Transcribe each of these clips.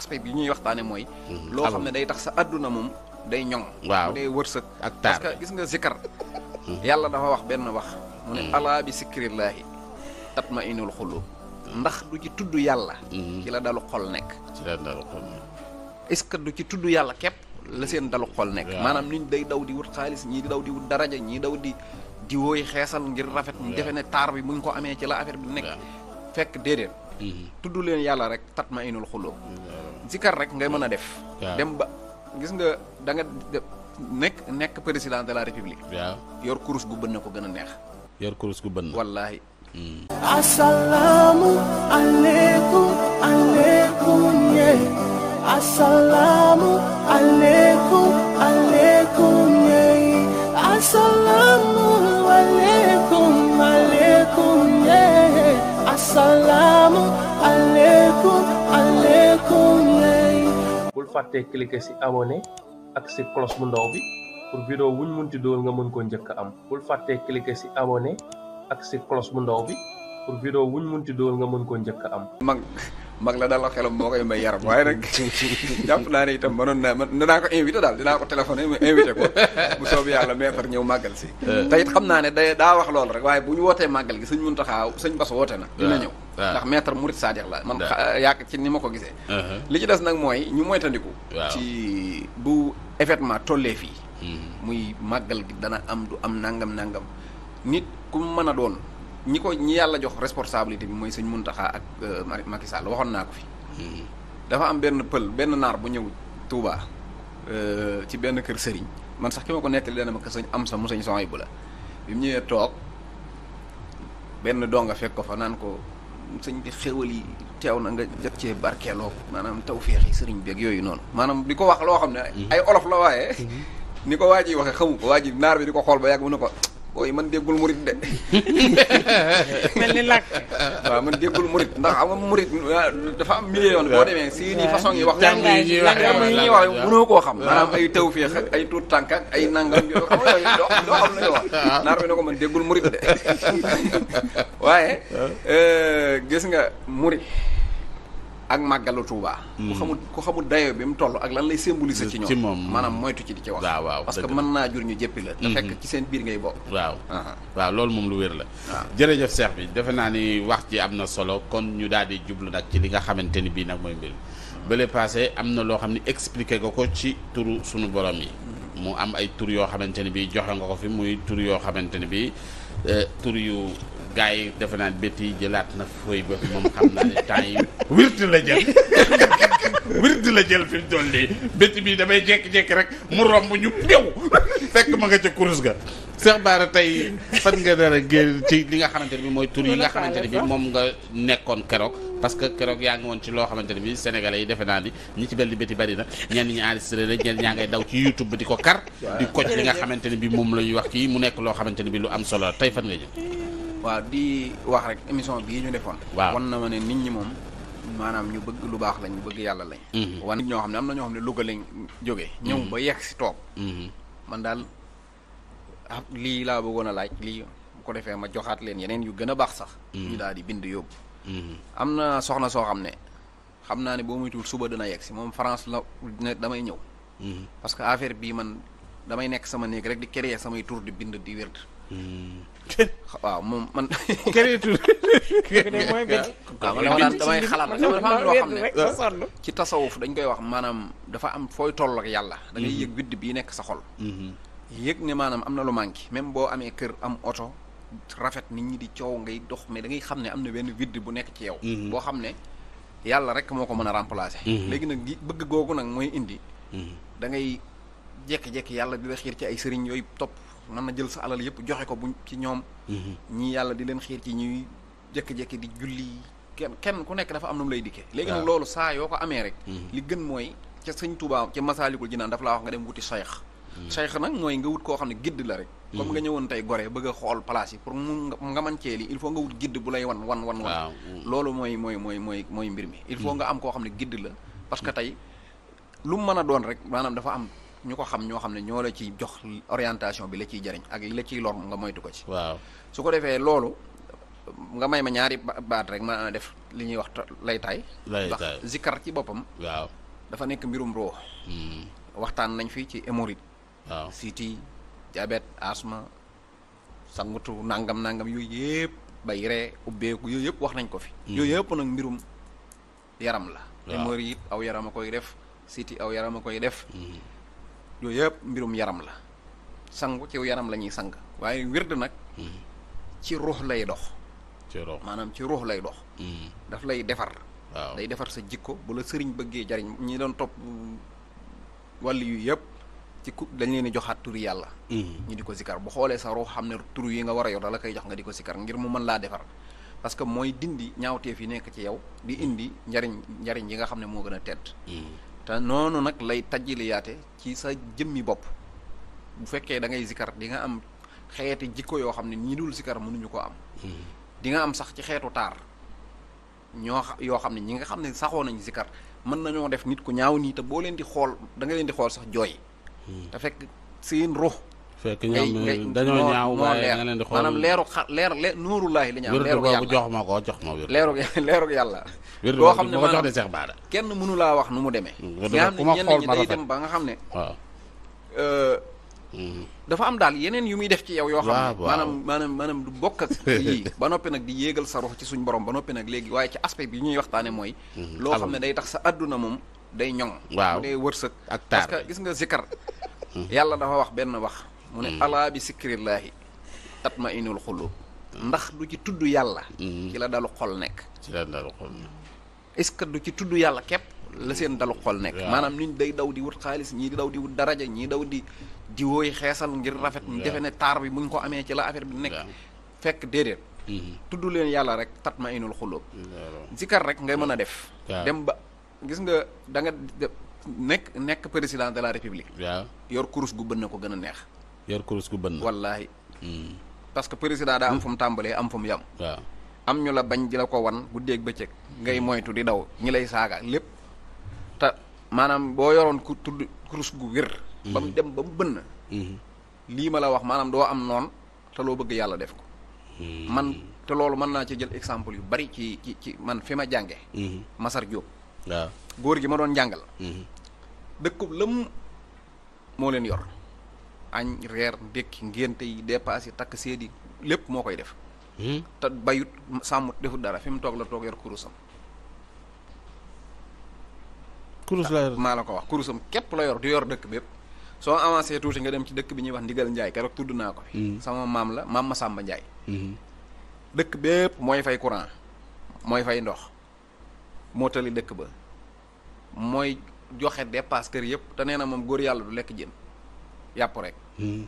aspect bi ñuy waxtane moy hmm, lo xamne day tax sa aduna moom day ñong day wërseuk ak taar parce que gis nga zikr hmm. yalla dafa wax ben wax mu ne hmm. alaa bi sikrillah tatma'inul inul ndax du ci tuddu yalla ci la dalu xol nek ci la dalu xol nekk est-ce que du ci tuddu yalla kep la seen dalu xol nek manam niñ day daw di wut xaalis ñi di daw di wut daraja ñi daw di di woy xéssal ngir rafet mu defe ne taar bi buñ ko amé ci la affaire bi nek fekk déedéet Mm-hmm. tudd leen yàlla rek tat ma inul xuloo mm-hmm. zikar rek ngay mën a def dem ba gis nga da nga nekk nekk président de la république yor kurus gu bën na ko gën a neex yor kurus gu bën na wallaahi mm-hmm. asalaamu fàtte cliquer ci abonné ak si cloche bu ndaw bi pour vidéo wuñ munti dool nga mën koo njëkk am bul fàtte cliquer ci abonné ak si cloche bu ndaw bi pour vidéo wuñ munti dool nga mën koo njëkk a mag mag la dal la xelam moo koy may yaram waaye nag jàpp naa ne itam mënoon naa man dinaa ko invité daal dinaa ko téléphoné mu invité ko bu soobee yàlla meetar ñëw màggal si eh. te xam naa ne day daa wax loolu rek waaye bu ñu wootee màggal gi sëñ Muntaxa sëñ Bass woote na dina eh. ñëw eh. ndax maître Mourid Sadiq la man yaak ci ni ma ko gisee li ci des nag mooy ñu moytandiku ci bu événement tollee fii hmm. muy màggal gi dana am du am nangam nangam nit ku mën a doon ñi ko ñi yalla jox responsabilité bi moy sëñ muntaha ak euh, Macky Sall waxon naa ko fi hmm. dafa am benn peul benn nar bu ñew Touba euh, ci benn kër man sax kima ko nettali dana ma ko am sa mu sëñ son bu la bi ñewé tok toog benn donga fekk ko fa nan ko sëñ bi xewali tew na nga jot mana barkelo manam taw feexi bi ak yoyu non manam diko wax lo xamne hmm. ay olof la waye hmm. niko waji waxe xamuko waji nar bi diko xol ba yag mu booy man déggul murit de. mel ni làkk. waaw man déggul murit ndax am murit ah, dafa am million boo demee si ni façon yi wax. jàngaay yi ñuy wax mënoo koo xam. maanaam ay tawféex ak ay tuut tànk ak ay nangam yoo xam ne doo xam lu ñuy wax. naar ne ko man déggul murit de waaye euh, gis nga murit. ak màggalu Touba. ku mm. xamul ku xamul dayoo bi mu toll ak lan lay symboliser ci ñoom maanaam moytu ci di ci wax waaw waaw parce mën naa jur ñu jéppi la te mm-hmm. fekk ci seen biir ngay bokk waaw ah, ah. waaw loolu moom lu wér la ah. jërëjëf Cheikh bi defe naa ni wax ji am na solo kon ñu daal di jublu nag ci li nga xamante ni bii nag mooy mbir bële passé am na loo xam ne expliqué nga ko ci turu sunu borom yi mm-hmm. mu am ay tur yoo xamante ni bii joxe nga ko fi muy tur yoo xamante ni bii euh, tur yu gars yi defe naa bétt yi jëlaat na fooy ba moom xam naa ne temps yi la jël wirti la jël fi mu toll nii damay jékki-jékki rek mu romb ñu pew fekk ma nga ca kurus ga Cheikh Bara tey fan nga dara génn ci li nga xamante ne bi mooy tur yi moom nga nekkoon keroog parce que keroog yaa ngi woon ci loo xamante ne bi sénégalais yi defe naa ni ñi ci belli béti bari na ñenn ñi enregistré la ñenn ñaa ngay daw ci youtube bi di ko kar di koj li nga xamante ne bi moom la ñuy wax kii mu nekk loo xamante ne bi lu am solo tey fan nga jëm wa di wax rek émission bi ñu defoon. won wan na mané nit ñi mom manam ñu bëgg lu baax lañ bëgg yalla lañ. Mhm. wan nit ñoo xam ne am na ñoo xamné ne lañ joggé mhm. ñew ba yex ci top man dal ah, li la laa laaj li bu ko defee ma joxat leen yeneen yu gëna baax sax. Mhm. ñu dal di bind yob amna soxna so xamné xamna ni bo muy tul suba dina yex mom France la ne damay ñew parce que affaire bi man damay nekk sama néeg rek di créer sama tour di bind di waaw moom man. këreetul. këreetul mooy bëcc. waaw dama damay xalaat rek dafa am loo xam ne ci tasawuf dañ koy wax maanaam dafa am fooy toll ak yàlla. da ngay yëg widd bii nekk sa xol. Mhm. am na lu manqué même am auto rafet nit ñi di coow ngay dox mais da ngay xam ne am na benn di bu nekk ci yow. Mhm. boo ne rek moo ko mën a remplacer. Mhm. léegi nag bëgg googu nag mooy indi. da ngay jékki-jékki yalla di la xiir ci ay sëriñ yooyu na jël sa alal yëpp joxe ko bu ci ñoom mhm. ñi yàlla di leen xiir ci ñuy jékki-jékki di julli kenn kenn ku nekk dafa am nu mu lay dikkee léegi nag loolu saa yoo ko amee rek mhm. li gën mooy ca sëñ Touba ca Masaalikul Jinaan dafa laa wax nga dem wuti cheikh cheikh mhm. nag mooy nga wut koo xam ne gidd la rek comme nga ñëwoon tey gore bëgg a xool place yi pour mu nga man cee lii il faut nga wut gidd bu lay wan wan wan wan loolu mooy mooy mooy mooy mooy mbir mi il faut nga am koo xam ne gidd la parce que tey lu mu mën a doon rek maanaam dafa am ñuko xam ño xamne ño la ci jox orientation bi la ci jariñ ak la ci lor nga moytu ko ci waaw su ko defé lolu nga may ma ñaari baat rek ma def li ñuy wax laytaay ndax zikkar ci bopam waaw dafa nek mbirum hmm waxtaan nañ fi ci hémorroïde waaw siti diabète asthme sangutu nangam nangam yu yëpp bay ree ko yu yëpp wax nañ ko fi hmm. yu yëpp nak mbirum yaram la hémorroïde aw yaram ko def siti aw yaram ko def hmm yooyu yëpp mbirum yaram la sangu ci yaram la ñuy sang waaye wird nag hmm. ci ruux lay dox ci maanaam ci ruux lay dox hmm. daf lay defar waaw defar sa jikko bu la sëriñ bëggee jariñ ñi doon topp wàll yu yëpp ci ku dañ leen di joxaat turi yàlla hmm. ñu di ko sikar bu xoolee sa ruux xam ne tur yi nga war a yor da la koy jox nga di ko sikar ngir mu mën laa defar parce que mooy dindi ñaawteef yi nekk ci yow di indi njariñ njariñ yi nga xam ne moo gën a tedd te noonu nag lay yaate ci sa jëmmi bopp bu fekkee da ngay zikar di nga am xeeti jikko yoo xam ne ñi dul zikar mënuñu ko am hmm. di nga am sax ci xeetu taar ñoo yoo xam ne ñi nga xam ne saxoo nañ zikar mën nañoo def nit ku ñaaw nii te boo leen di xool danga leen di xool sax jooy hmm. te fekk seen ruux fekk ñoom dañoo ñaaw waaye nga leen di xool maanaam leeru xa leer leer nuurullaahi li ñu am leeru yàlla jox ma ko jox ma wér leeru leeru yàlla boo xam ne ma ko jox de Cheikh Bara kenn mënu laa wax nu mu demee nga xam ne ñenn ñi day dem ba nga xam ne waaw euh, mm-hmm. dafa am daal yeneen yu muy def ci yow yoo xam ne maanaam maanaam maanaam du bokk ak yii ba noppi nag di yéegal sa rox ci suñ borom ba noppi nag léegi waaye ci aspect bi ñuy waxtaane mooy mm-hmm. loo xam ne day tax sa àdduna moom day ñoŋ waaw day wërsëg ak taar parce que gis nga zikkar mm-hmm. yàlla dafa wax benn wax mu ne mm. alaa bi sikrillaahi tatma inul xulub mm. ndax du ci tudd yàlla mm. ci la dalu xol nekk ci la dalu xol est-ce que du ci tudd yàlla képp la seen dalu xol nekk maanaam niñ day daw di wut xaalis ñii daw di wut daraja ñii daw di di wooy xeesal ngir rafet ñu defe ne taar bi ñu ko amee ci la affaire bi nekk fekk déedéet mm-hmm. tudd leen yàlla rek tatma inul xulub sikar rek ngay mën a def dem ba gis nga da nga nekk nekk président de la république yor kurus gu bën na ko gën a neex yor kurus gu bënn wallahi hmm parce que président da am fum tambalé am fum yam wa am ñu la bañ di la ko wan ak bëcëk ngay hmm. moytu di daw ñi lay saga lepp ta manam bo yoron ku tudd kurus gu wir bam hmm. dem bam mu bënn hmm. lii ma la wax manam do am non ta lo bëgg yalla def ko man te loolu man na ci jël exemple yu bari ci ci man fi ma jànge masar Diop wa góor gi ma doon jàngal dëkkub lam mo len yor añ rer ndekki ngénte yi dépassé tak sédi lepp mo koy def hmm? ta bayut samut defu dara fim tok la tok yor kurusam kurus la yor maa ko wax kurusam kep la yor di yor dekk bepp so avancé tuuti nga dem ci dekk bi ñi wax ndigal ndjay kérok tuddu naa ko hmm. sama mam la mam ma ndjay hmm dekk bepp moy fay courant moy fay ndox mo tali dekk ba moy joxe dépasse kër yëpp te nee na du lek jën yàpp rek. Hmm.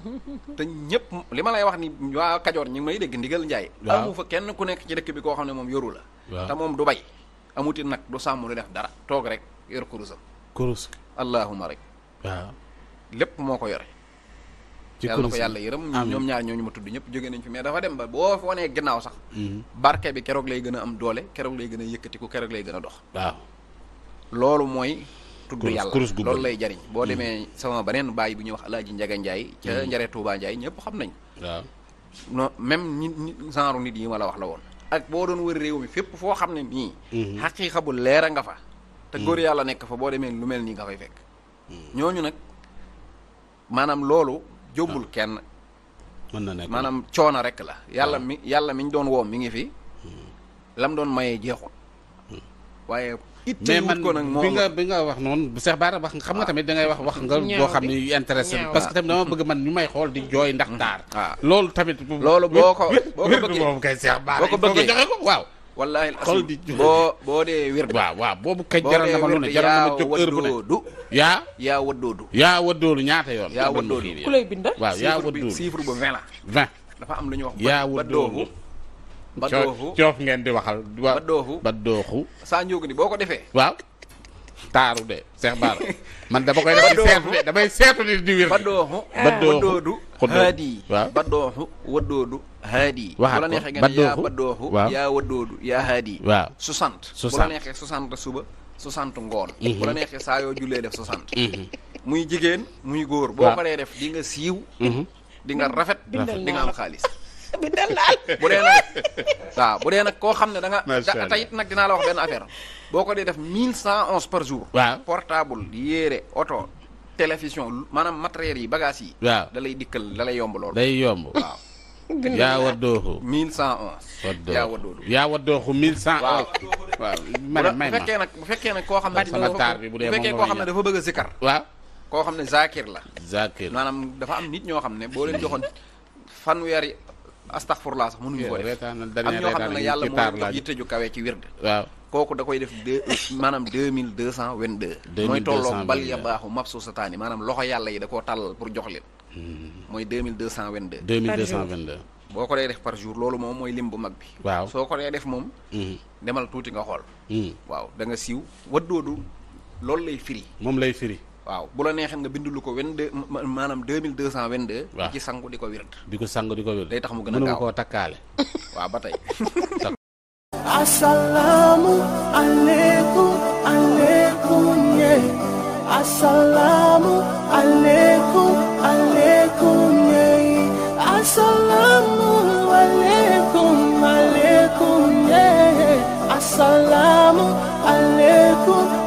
te ñëpp li ma lay wax ni waa Kajoor ñu ngi may dégg ndigal njaay amu fa kenn ku nekk ci dëkk bi koo xam ne moom yoru la. te moom du bay amuti nag du sàmm du def dara toog rek yor kurusam. kurus. allahuma rek. waaw lépp moo ko yore. ci yàlla ko yàlla yërëm ñoom ñaar ñooñu ma tudd ñëpp jóge nañ fi mais dafa dem ba boo fi wanee gannaaw sax hmm. barke bi keroog lay gën a am doole keroog lay gën a yëkkatiku keroog lay gën a dox waaw loolu mooy tudd yàlla loolu lay jariñ mm. boo demee sama beneen bàyyi bu ñuy wax alaaji njaga njaay ca mm. njare tuubaa njaay ñëpp xam nañ waaw non même ñi genre nit yi ma la wax la woon ak boo doon wër réew mi fépp foo xam ne nii mm-hmm. xaqiiqa bu leer a nga fa te mm. góor yàlla nekk fa boo demee lu mel nii nga koy fekk ñooñu nag maanaam loolu jombul ah. kenn mën na maanaam coono rek la yàlla ah. mi yàlla miñ doon woom mi ngi fi lam doon mayee jeexul waaye it wut ko nag moo bi nga wax noonu xam nga tamit da wax wax nga boo xam ne yu intéressé parce que di jooy ndax taar mm-hmm. ah. loolu tamit boo ko boo ko bëggee boobu kay Cheikh Bara boo ko bëggee joxe waaw boo boo dee wird waaw waaw boobu kay jaral na ma lu ne jaral na ma jóg heure bu ne yaa yaa yaa waddoodu ñaata yoon yaa waddoodu ku yoon bindal waaw yaa waddoodu chiffre bu vingt la vingt am lu ñu wax yaa waddoodu badooxu coof ngeen di waxal wa badooxu badooxu saa njóogu ni boo ko defee waaw taaru de cheikh baara man dama koy def seetu de damay seetu di di wir badooxu badoodu haadi waaw badooxu wadoodu haadi bu la neexee ngeen yaa badooxu yaa wadoodu ya haadi waaw 60 bu la neexee 60 suba 60 ngoon mhm. bu la neexee saa yoo def 60 mhm. muy jigéen muy góor boo paree def di nga siiw mhm. di nga rafet di nga am xaalis bi bu dee nag waaw bu dee nag koo xam ne da nga tey it nag dinaa la wax benn affaire boo ko dee def mille cent onze par jour portable yéere oto télévision maanaam matériels yi bagages yi waaw da dikkal da lay yomb loolu day yomb waaw yaa waddooxu mille cent onze yaa waddooxu yaa waddooxu mille cent onze waaw man may ma bu fekkee nag bu fekkee nag koo xam ne sama taar bi bu dee bu fekkee koo xam ne dafa bëgg a zikkar waaw koo xam ne zakir la zakir maanaam dafa am nit ñoo xam ne boo leen joxoon fanweeri astaxfurlaa sax mënuñu ko def am ñoo xam ne yàlla moo jox yitte ju kawe ci wird waaw kooku da koy def maanaam deux mille deux cent vingt deux mooy tolloo bal ya baaxu mabsu sataani maanaam loxo yàlla yi da koo tàllal pour jox hmm. mooy deux mil deux cent vingt deux deux deux cent vingt deux boo ko dee def par jour loolu moom mooy lim bu mag bi waaw soo ko dee def moom hmm. demal tuuti nga xool hmm. waaw da nga siiw waddoodu loolu lay firi moom lay firi waaw bu la neexee nga bindulu ko 22 maanaam 2222 waaw ci sangu di ko wird di ko sangu di ko wird day tax mu gën a gaaw koo takkaale waaw ba tey asalaamu aleykum aleykum ye asalaamu aleykum aleykum ye asalaamu aleykum ye asalaamu aleykum